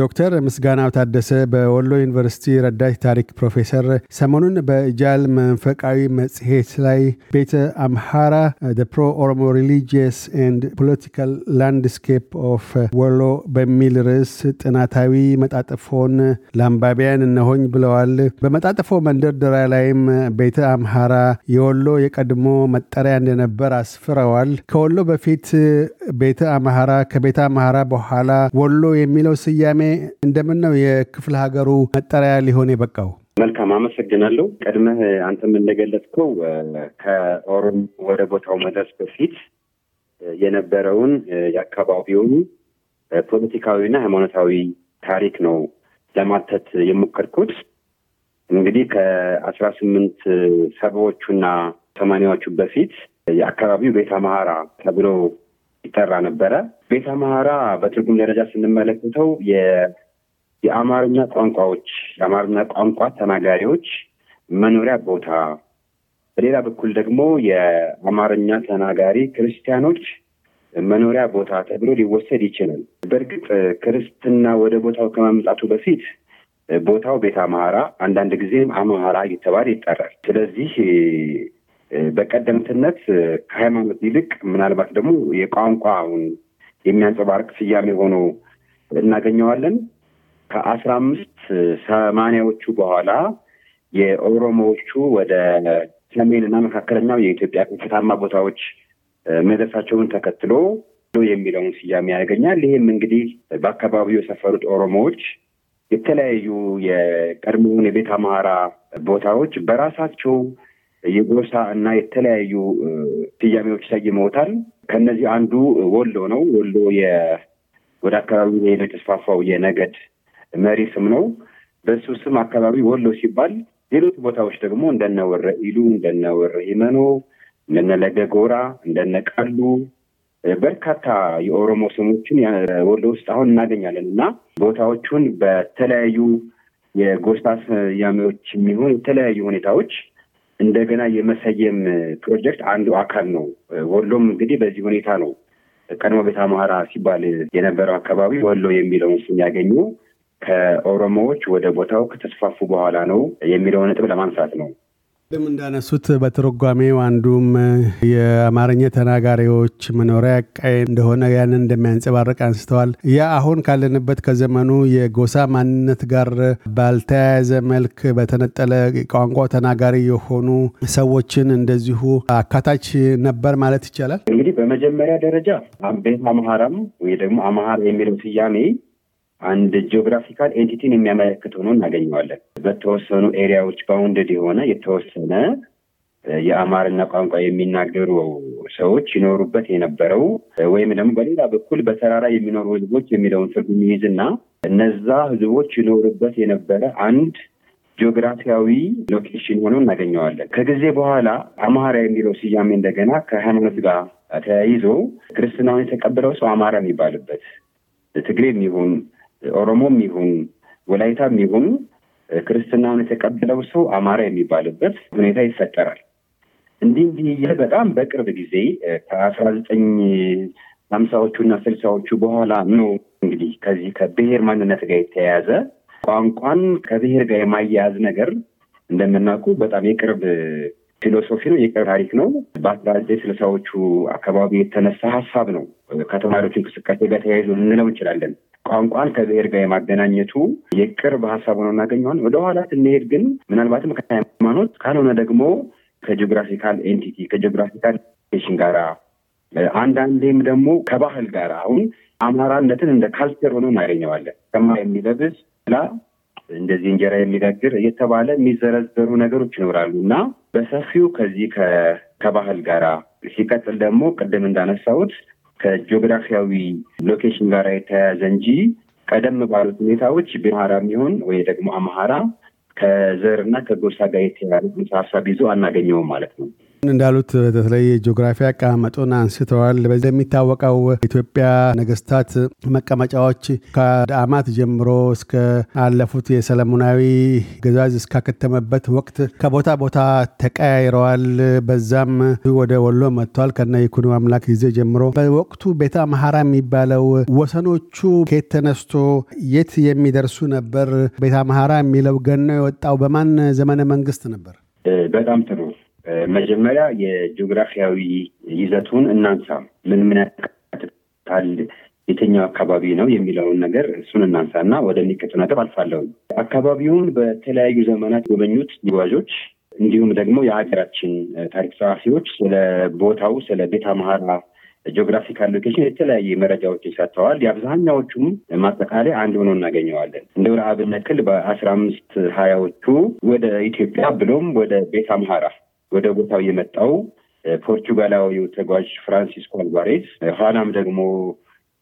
ዶክተር ምስጋናው ታደሰ በወሎ ዩኒቨርሲቲ ረዳት ታሪክ ፕሮፌሰር፣ ሰሞኑን በእጃል መንፈቃዊ መጽሔት ላይ ቤተ አምሃራ ደ ፕሮ ኦሮሞ ሪሊጂየስ ኤንድ ፖለቲካል ላንድስኬፕ ኦፍ ወሎ በሚል ርዕስ ጥናታዊ መጣጥፎን ለአንባቢያን እነሆኝ ብለዋል። በመጣጥፎ መንደርደሪያ ላይም ቤተ አምሃራ የወሎ የቀድሞ መጠሪያ እንደነበር አስፍረዋል። ከወሎ በፊት ቤተ አምሃራ፣ ከቤተ አምሃራ በኋላ ወሎ የሚለው ስያሜ ስያሜ እንደምን ነው የክፍለ ሀገሩ መጠሪያ ሊሆን የበቃው? መልካም አመሰግናለሁ። ቀድመህ አንተም እንደገለጽከው ከኦሮም ወደ ቦታው መድረስ በፊት የነበረውን የአካባቢውን ፖለቲካዊና ሃይማኖታዊ ታሪክ ነው ለማተት የሞከርኩት። እንግዲህ ከአስራ ስምንት ሰባዎቹና ሰማኒያዎቹ በፊት የአካባቢው ቤተ አምሃራ ተብሎ ይጠራ ነበረ። ቤተ አማራ በትርጉም ደረጃ ስንመለከተው የአማርኛ ቋንቋዎች የአማርኛ ቋንቋ ተናጋሪዎች መኖሪያ ቦታ፣ በሌላ በኩል ደግሞ የአማርኛ ተናጋሪ ክርስቲያኖች መኖሪያ ቦታ ተብሎ ሊወሰድ ይችላል። በእርግጥ ክርስትና ወደ ቦታው ከመምጣቱ በፊት ቦታው ቤተ አማራ፣ አንዳንድ ጊዜም አማራ እየተባለ ይጠራል። ስለዚህ በቀደምትነት ከሃይማኖት ይልቅ ምናልባት ደግሞ የቋንቋውን የሚያንጸባርቅ ስያሜ ሆኖ እናገኘዋለን። ከአስራ አምስት ሰማንያዎቹ በኋላ የኦሮሞዎቹ ወደ ሰሜንና መካከለኛው የኢትዮጵያ ከፍታማ ቦታዎች መድረሳቸውን ተከትሎ የሚለውን ስያሜ ያገኛል። ይህም እንግዲህ በአካባቢው የሰፈሩት ኦሮሞዎች የተለያዩ የቀድሞውን የቤት አማራ ቦታዎች በራሳቸው የጎሳ እና የተለያዩ ስያሜዎች ሰይመውታል። ከእነዚህ አንዱ ወሎ ነው። ወሎ ወደ አካባቢ የተስፋፋው የነገድ መሪ ስም ነው። በሱ ስም አካባቢ ወሎ ሲባል ሌሎች ቦታዎች ደግሞ እንደነወረ ኢሉ፣ እንደነወረ ሂመኖ፣ እንደነለገ ጎራ፣ እንደነቃሉ በርካታ የኦሮሞ ስሞችን ወሎ ውስጥ አሁን እናገኛለን እና ቦታዎቹን በተለያዩ የጎሳ ስያሜዎች የሚሆን የተለያዩ ሁኔታዎች እንደገና የመሰየም ፕሮጀክት አንዱ አካል ነው። ወሎም እንግዲህ በዚህ ሁኔታ ነው ቀድሞ ቤተ አማራ ሲባል የነበረው አካባቢ ወሎ የሚለውን ስም ያገኙ ከኦሮሞዎች ወደ ቦታው ከተስፋፉ በኋላ ነው የሚለው ነጥብ ለማንሳት ነው። ቅድም እንዳነሱት በትርጓሜው አንዱም የአማርኛ ተናጋሪዎች መኖሪያ ቀይ እንደሆነ ያንን እንደሚያንጸባርቅ አንስተዋል። ያ አሁን ካለንበት ከዘመኑ የጎሳ ማንነት ጋር ባልተያያዘ መልክ በተነጠለ ቋንቋ ተናጋሪ የሆኑ ሰዎችን እንደዚሁ አካታች ነበር ማለት ይቻላል። እንግዲህ በመጀመሪያ ደረጃ ቤት አምሃራም ወይ ደግሞ አምሃር የሚለው ስያሜ አንድ ጂኦግራፊካል ኤንቲቲን የሚያመለክት ሆኖ እናገኘዋለን። በተወሰኑ ኤሪያዎች ባውንደድ የሆነ የተወሰነ የአማርኛ ቋንቋ የሚናገሩ ሰዎች ይኖሩበት የነበረው ወይም ደግሞ በሌላ በኩል በተራራ የሚኖሩ ህዝቦች የሚለውን ትርጉም ይይዝና እነዛ ህዝቦች ይኖሩበት የነበረ አንድ ጂኦግራፊያዊ ሎኬሽን ሆኖ እናገኘዋለን። ከጊዜ በኋላ አማራ የሚለው ስያሜ እንደገና ከሃይማኖት ጋር ተያይዞ ክርስትናውን የተቀበለው ሰው አማራ የሚባልበት ትግሬ የሚሆን ኦሮሞም ይሁን ወላይታም ይሁን ክርስትናውን የተቀበለው ሰው አማራ የሚባልበት ሁኔታ ይፈጠራል። እንዲህ እንዲህ እያለ በጣም በቅርብ ጊዜ ከአስራ ዘጠኝ ሀምሳዎቹ እና ስልሳዎቹ በኋላ ነው እንግዲህ ከዚህ ከብሔር ማንነት ጋር የተያያዘ ቋንቋን ከብሔር ጋር የማያያዝ ነገር እንደምናውቁ በጣም የቅርብ ፊሎሶፊ ነው፣ የቅርብ ታሪክ ነው። በአስራ ዘጠኝ ስልሳዎቹ አካባቢ የተነሳ ሀሳብ ነው ከተማሪዎች እንቅስቃሴ ጋር ተያይዞ ልንለው እንችላለን። ቋንቋን ከብሔር ጋር የማገናኘቱ የቅርብ ሀሳብ ሆኖ እናገኘዋለን። ወደኋላ ስንሄድ ግን ምናልባትም ከሃይማኖት ካልሆነ ደግሞ ከጂኦግራፊካል ኤንቲቲ ከጂኦግራፊካል ሽን ጋራ አንዳንዴም ደግሞ ከባህል ጋር አሁን አማራነትን እንደ ካልቸር ሆኖ እናገኘዋለን። ከማ የሚለብስ ላ እንደዚህ እንጀራ የሚጋግር እየተባለ የሚዘረዘሩ ነገሮች ይኖራሉ እና በሰፊው ከዚህ ከባህል ጋራ ሲቀጥል ደግሞ ቅድም እንዳነሳሁት ከጂኦግራፊያዊ ሎኬሽን ጋር የተያያዘ እንጂ ቀደም ባሉት ሁኔታዎች ብምሃራ የሚሆን ወይ ደግሞ አምሃራ ከዘር እና ከጎሳ ጋር የተያያዙ መጽሐፍ ይዞ አናገኘውም ማለት ነው። እንዳሉት በተለይ ጂኦግራፊ አቀማመጡን አንስተዋል። እንደሚታወቀው ኢትዮጵያ ነገስታት መቀመጫዎች ከአማት ጀምሮ እስከ አለፉት የሰለሞናዊ ገዛዝ እስካከተመበት ወቅት ከቦታ ቦታ ተቀያይረዋል። በዛም ወደ ወሎ መጥተዋል ከነ ይኩኖ አምላክ ጊዜ ጀምሮ። በወቅቱ ቤተ አምሐራ የሚባለው ወሰኖቹ ከየት ተነስቶ የት የሚደርሱ ነበር? ቤተ አምሐራ የሚለው ገኖ የወጣው በማን ዘመነ መንግስት ነበር? በጣም ጥሩ መጀመሪያ የጂኦግራፊያዊ ይዘቱን እናንሳ። ምን ምን ያካትታል፣ የትኛው አካባቢ ነው የሚለውን ነገር እሱን እናንሳ እና ወደሚቀጥለው ነጥብ አልፋለሁ። አካባቢውን በተለያዩ ዘመናት ጎበኙት ተጓዦች እንዲሁም ደግሞ የሀገራችን ታሪክ ጸሐፊዎች ስለ ቦታው ስለ ቤተ አምሐራ ጂኦግራፊካል ሎኬሽን የተለያየ መረጃዎችን ሰጥተዋል። የአብዛኛዎቹም ማጠቃለያ አንድ ሆኖ እናገኘዋለን። እንደ ረአብነት ክል በአስራ አምስት ሀያዎቹ ወደ ኢትዮጵያ ብሎም ወደ ቤተ አምሐራ ወደ ቦታው የመጣው ፖርቹጋላዊው ተጓዥ ፍራንሲስኮ አልቫሬዝ ኋላም ደግሞ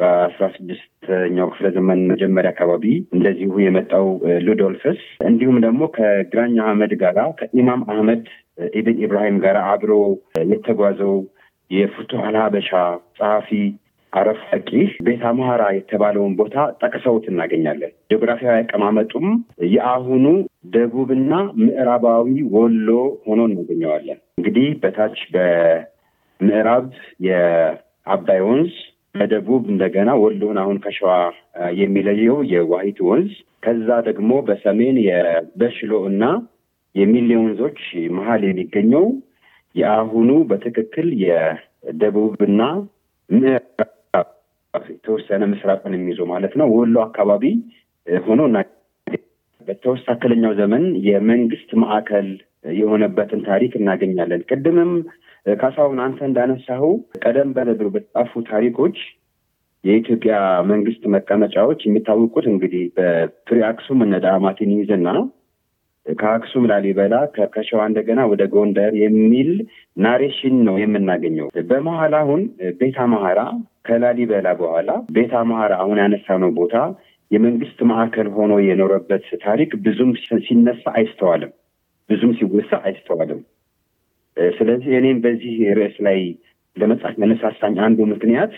በአስራ ስድስተኛው ክፍለ ዘመን መጀመሪያ አካባቢ እንደዚሁ የመጣው ሉዶልፈስ እንዲሁም ደግሞ ከግራኛ አህመድ ጋራ ከኢማም አህመድ ኢብን ኢብራሂም ጋር አብሮ የተጓዘው የፉቱህ ሀበሻ ጸሐፊ አረፋቂ ቤት አምሐራ የተባለውን ቦታ ጠቅሰውት እናገኛለን። ጂኦግራፊያዊ አቀማመጡም የአሁኑ ደቡብና ምዕራባዊ ወሎ ሆኖ እናገኘዋለን። እንግዲህ በታች በምዕራብ የአባይ ወንዝ በደቡብ እንደገና ወሎን አሁን ከሸዋ የሚለየው የዋሂት ወንዝ ከዛ ደግሞ በሰሜን የበሽሎ እና የሚሌ ወንዞች መሀል የሚገኘው የአሁኑ በትክክል የደቡብና ምዕራብ የተወሰነ ምስራቅን የሚይዞ ማለት ነው ወሎ አካባቢ ሆኖ እና በተወሳከለኛው ዘመን የመንግስት ማዕከል የሆነበትን ታሪክ እናገኛለን። ቅድምም ካሳሁን አንተ እንዳነሳው ቀደም በነበሩ በተጻፉ ታሪኮች የኢትዮጵያ መንግስት መቀመጫዎች የሚታወቁት እንግዲህ በፍሬ አክሱም እነ ዳማቲን ይዝና ከአክሱም ላሊበላ፣ ከሸዋ እንደገና ወደ ጎንደር የሚል ናሬሽን ነው የምናገኘው። በመሀል አሁን ቤተ አምሐራ ከላሊበላ በኋላ ቤተ አምሐራ አሁን ያነሳነው ቦታ የመንግስት ማዕከል ሆኖ የኖረበት ታሪክ ብዙም ሲነሳ አይስተዋልም፣ ብዙም ሲወሳ አይስተዋልም። ስለዚህ እኔም በዚህ ርዕስ ላይ ለመጻፍ መነሳሳኝ አንዱ ምክንያት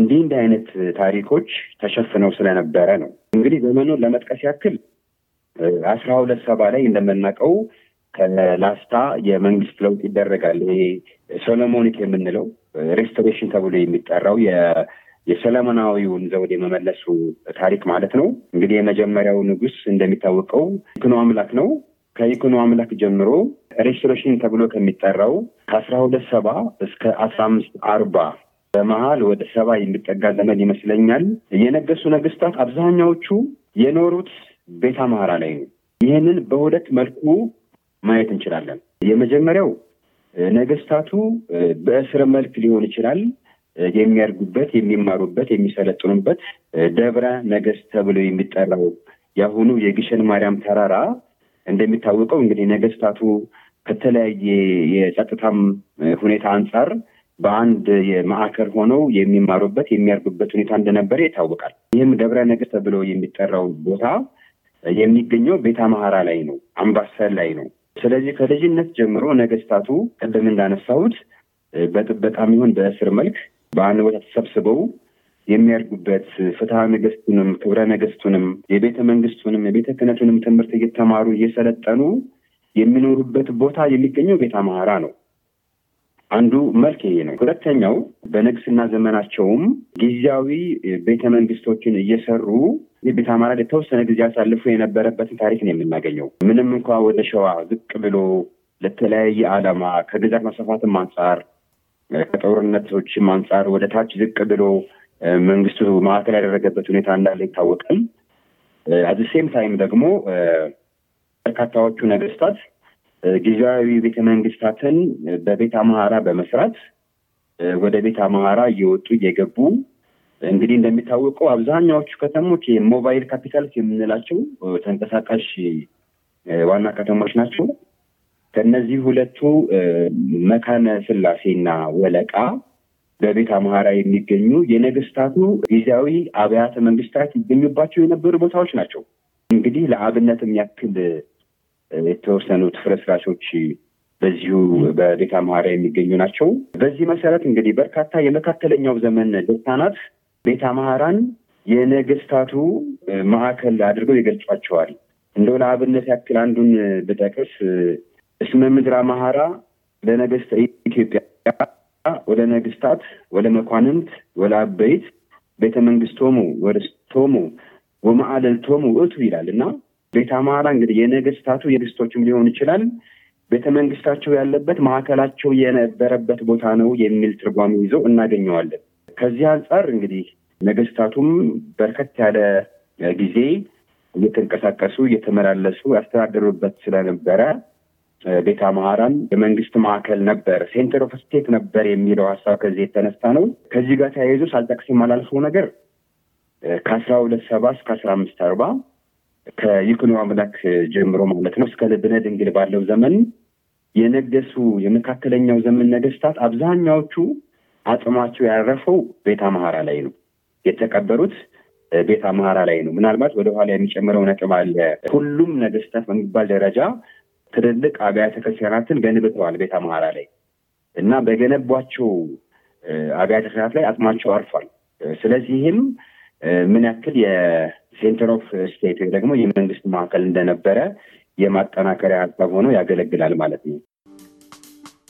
እንዲህ እንዲህ አይነት ታሪኮች ተሸፍነው ስለነበረ ነው። እንግዲህ ዘመኑን ለመጥቀስ ያክል አስራ ሁለት ሰባ ላይ እንደምናውቀው ከላስታ የመንግስት ለውጥ ይደረጋል። ይሄ ሶሎሞኒክ የምንለው ሬስቶሬሽን ተብሎ የሚጠራው የሰለሞናዊውን ዘውድ የመመለሱ ታሪክ ማለት ነው። እንግዲህ የመጀመሪያው ንጉስ እንደሚታወቀው ይኩኖ አምላክ ነው። ከይኩኖ አምላክ ጀምሮ ሬስቶሬሽን ተብሎ ከሚጠራው ከአስራ ሁለት ሰባ እስከ አስራ አምስት አርባ በመሀል ወደ ሰባ የሚጠጋ ዘመን ይመስለኛል የነገሱ ነገስታት አብዛኛዎቹ የኖሩት ቤት አማራ ላይ ነው። ይህንን በሁለት መልኩ ማየት እንችላለን። የመጀመሪያው ነገስታቱ በእስር መልክ ሊሆን ይችላል የሚያድጉበት፣ የሚማሩበት፣ የሚሰለጥኑበት ደብረ ነገስት ተብሎ የሚጠራው የአሁኑ የግሸን ማርያም ተራራ እንደሚታወቀው እንግዲህ ነገስታቱ ከተለያየ የጸጥታም ሁኔታ አንጻር በአንድ ማዕከል ሆነው የሚማሩበት የሚያርጉበት ሁኔታ እንደነበረ ይታወቃል። ይህም ደብረ ነገስት ተብሎ የሚጠራው ቦታ የሚገኘው ቤተ አምሐራ ላይ ነው፣ አምባሰል ላይ ነው። ስለዚህ ከልጅነት ጀምሮ ነገስታቱ ቅድም እንዳነሳሁት በጥበቃም ይሁን በእስር መልክ በአንድ ቦታ ተሰብስበው የሚያድጉበት ፍትሐ ነገስቱንም ክብረ ነገስቱንም የቤተ መንግስቱንም የቤተ ክህነቱንም ትምህርት እየተማሩ እየሰለጠኑ የሚኖሩበት ቦታ የሚገኘው ቤተ አምሐራ ነው። አንዱ መልክ ይሄ ነው። ሁለተኛው በንግስና ዘመናቸውም ጊዜያዊ ቤተ መንግስቶችን እየሰሩ የቤት አማራ የተወሰነ ጊዜ አሳልፎ የነበረበትን ታሪክ ነው የምናገኘው። ምንም እንኳ ወደ ሸዋ ዝቅ ብሎ ለተለያየ ዓላማ ከግዛት መስፋፋትም አንጻር ከጦርነቶችም አንጻር ወደ ታች ዝቅ ብሎ መንግስቱ ማዕከል ያደረገበት ሁኔታ እንዳለ ይታወቃል። አዚ ሴም ታይም ደግሞ uh, በርካታዎቹ ነገስታት uh, ጊዜያዊ ቤተ መንግስታትን በቤተ በመስራት uh, ወደ ቤተ አማራ እየወጡ እየገቡ እንግዲህ እንደሚታወቀው አብዛኛዎቹ ከተሞች የሞባይል ካፒታልስ የምንላቸው ተንቀሳቃሽ ዋና ከተሞች ናቸው። ከነዚህ ሁለቱ መካነ ስላሴና ወለቃ በቤት አምሐራ የሚገኙ የነገስታቱ ጊዜያዊ አብያተ መንግስታት ይገኙባቸው የነበሩ ቦታዎች ናቸው። እንግዲህ ለአብነት የሚያክል የተወሰኑ ፍርስራሾች በዚሁ በቤት አምሐራ የሚገኙ ናቸው። በዚህ መሰረት እንግዲህ በርካታ የመካከለኛው ዘመን ደስታናት ቤተ አምሐራን የነገስታቱ ማዕከል አድርገው ይገልጿቸዋል። እንደው ለአብነት ያክል አንዱን ብጠቅስ እስመ ምድር አምሐራ ለነገስተ ኢትዮጵያ ወደ ነገስታት ወደ መኳንንት ወደ አበይት ቤተ መንግስቶሙ ወርስቶሙ ወማዕለልቶሙ ውእቱ ይላል እና ቤተ አምሐራ እንግዲህ የነገስታቱ የግስቶችም ሊሆን ይችላል ቤተ መንግስታቸው ያለበት ማዕከላቸው የነበረበት ቦታ ነው የሚል ትርጓሚ ይዞ እናገኘዋለን። ከዚህ አንጻር እንግዲህ ነገስታቱም በርከት ያለ ጊዜ እየተንቀሳቀሱ እየተመላለሱ ያስተዳደሩበት ስለነበረ ቤተ አምሐራም የመንግስት ማዕከል ነበር፣ ሴንተር ኦፍ ስቴት ነበር የሚለው ሀሳብ ከዚህ የተነሳ ነው። ከዚህ ጋር ተያይዞ ሳልጠቅስ የማላልፈው ነገር ከአስራ ሁለት ሰባ እስከ አስራ አምስት አርባ ከይኩኖ አምላክ ጀምሮ ማለት ነው እስከ ልብነ ድንግል ባለው ዘመን የነገሱ የመካከለኛው ዘመን ነገስታት አብዛኛዎቹ አጽሟቸው ያረፈው ቤተ አምሐራ ላይ ነው የተቀበሩት። ቤታ አምሐራ ላይ ነው። ምናልባት ወደኋላ የሚጨምረው ነጥብ አለ። ሁሉም ነገስታት በሚባል ደረጃ ትልልቅ አብያተ ክርስቲያናትን ገንብተዋል ቤተ አምሐራ ላይ እና በገነቧቸው አብያተ ክርስቲያናት ላይ አጽማቸው አርፏል። ስለዚህም ምን ያክል የሴንተር ኦፍ ስቴት ወይ ደግሞ የመንግስት ማዕከል እንደነበረ የማጠናከሪያ ሀሳብ ሆኖ ያገለግላል ማለት ነው።